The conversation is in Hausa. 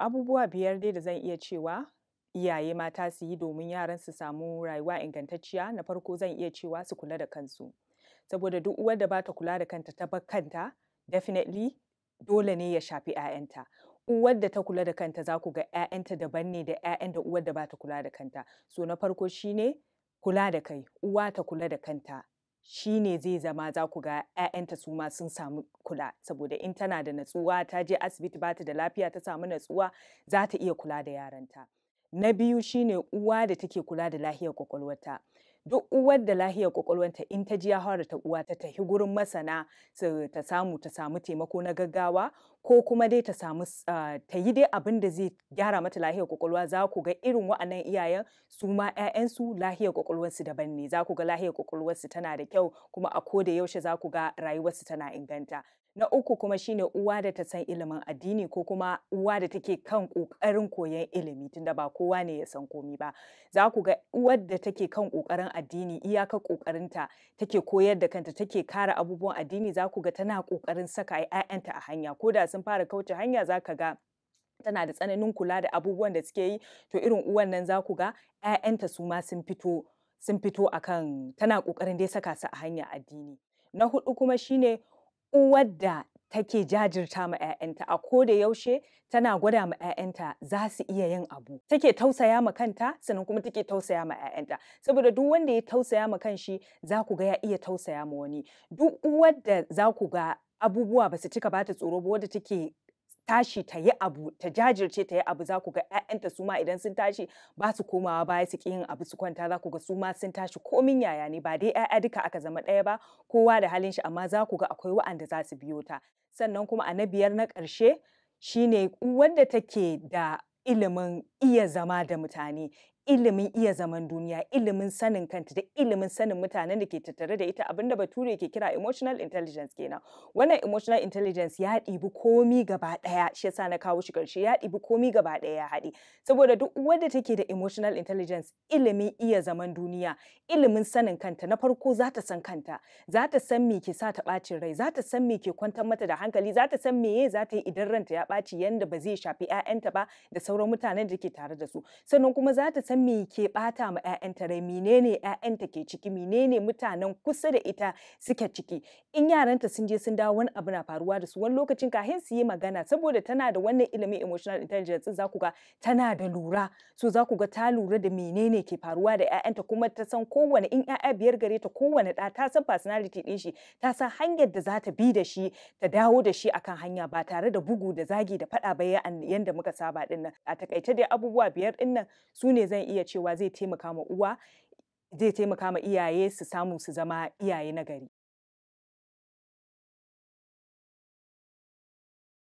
abubuwa biyar dai da zan iya cewa iyaye mata su yi domin yaran su samu rayuwa ingantacciya na farko zan iya cewa su kula da kansu saboda duk uwar da bata kula da kanta ta bar kanta definitely dole ne ya shafi 'ya'yanta uwar da ta kula da kanta za ku ga 'ya'yanta daban ne da 'ya'yan da uwar da bata kula da kanta so na farko shine kula da kai uwa ta kula da kanta shi ne zai zama za ku ga 'ya'yanta su ma sun samu kula saboda in tana da natsuwa ta je asibiti ba ta da lafiya ta samu natsuwa za ta iya kula da yaranta na biyu shine uwa da take kula da lahiyar kwakwalwarta duk uwar da lahiyar kwakwalwanta in ta ji ya fara uwa ta tafi gurin masana ta samu ta samu taimako na gaggawa ko kuma dai ta samu ta yi dai abin da zai gyara mata lahiyar kwakwalwa za ku ga irin wa'annan iyayen su ma 'ya'yansu lahiyar kwakwalwarsu daban ne za ku ga lahiyar kwakwalwarsu tana da kyau kuma a ko da yaushe za ku ga rayuwarsu tana inganta na uku kuma shine uwa da ta san ilimin addini ko kuma uwa da take kan kokarin koyon ilimi tunda ba kowa ne ya san komi ba za ku ga uwar da take kan kokarin addini iyaka ta take koyar da kanta take kara abubuwan addini za ku ga tana kokarin saka 'ya'yanta a hanya ko da sun fara kauce hanya za ka ga tana da tsananin kula da abubuwan da suke yi to irin uwan nan za ku ga 'ya'yanta su ma sun fito sun fito akan tana kokarin dai saka su a hanya addini na hudu kuma shine uwar da take jajirta ma 'ya'yanta a ko da yaushe tana gwada ma 'ya'yanta za su iya yin abu take tausaya ma kanta sannan kuma take tausaya ma 'ya'yanta saboda duk wanda ya tausaya ma kanshi za ku ga ya iya tausaya ma wani duk uwar da za ku ga abubuwa ba su cika bata tsoro ba wadda take tashi ta yi abu ta jajirce ta yi abu za ku ga 'ya'yanta su ma idan sun tashi ba su komawa baya su yin abu su kwanta za ku ga su ma sun tashi komin yaya ne ba dai 'ya'ya duka aka zama ɗaya ba kowa da halin shi amma za ku ga akwai wa'anda za su biyo ta sannan kuma a na biyar na ƙarshe shine wanda take da ilimin iya zama da mutane ilimin iya zaman duniya ilimin sanin kanta da ilimin sanin mutanen da ke tattare da ita abinda ture ke kira emotional intelligence kenan wannan emotional intelligence ya ɗibi komi gaba ɗaya shi yasa na kawo shi ƙarshe ya ɗibi komi gaba ɗaya ya haɗe saboda duk wanda take da emotional intelligence ilimin iya zaman duniya ilimin sanin kanta na farko za ta san kanta za ta san me ke sa ta ɓacin rai za ta san me ke kwantar mata da hankali za ta san meye za ta yi idan ranta ya ɓaci yanda ba zai shafi 'ya'yanta ba da sauran mutanen da ke tare da su sannan kuma za ta san me ke bata ma 'ya'yanta rai menene 'ya'yanta ke ciki menene mutanen kusa da ita suke ciki in yaranta sun je sun dawo wani abu na faruwa da su wani lokacin kahin su yi magana saboda tana da wannan ilimin emotional intelligence za ku ga tana da lura so za ku ga ta lura da menene ke faruwa da 'ya'yanta kuma ta san kowane in 'ya'ya biyar gare ta kowane da ta san personality ɗin shi ta san hanyar da za ta bi da shi ta dawo da shi akan hanya ba tare da bugu da zagi da faɗa ba yanda muka saba dinnan? a takaice dai abubuwa biyar dinnan nan su ne zan zan iya cewa zai taimaka ma uwa zai taimaka ma iyaye su samu su zama iyaye na gari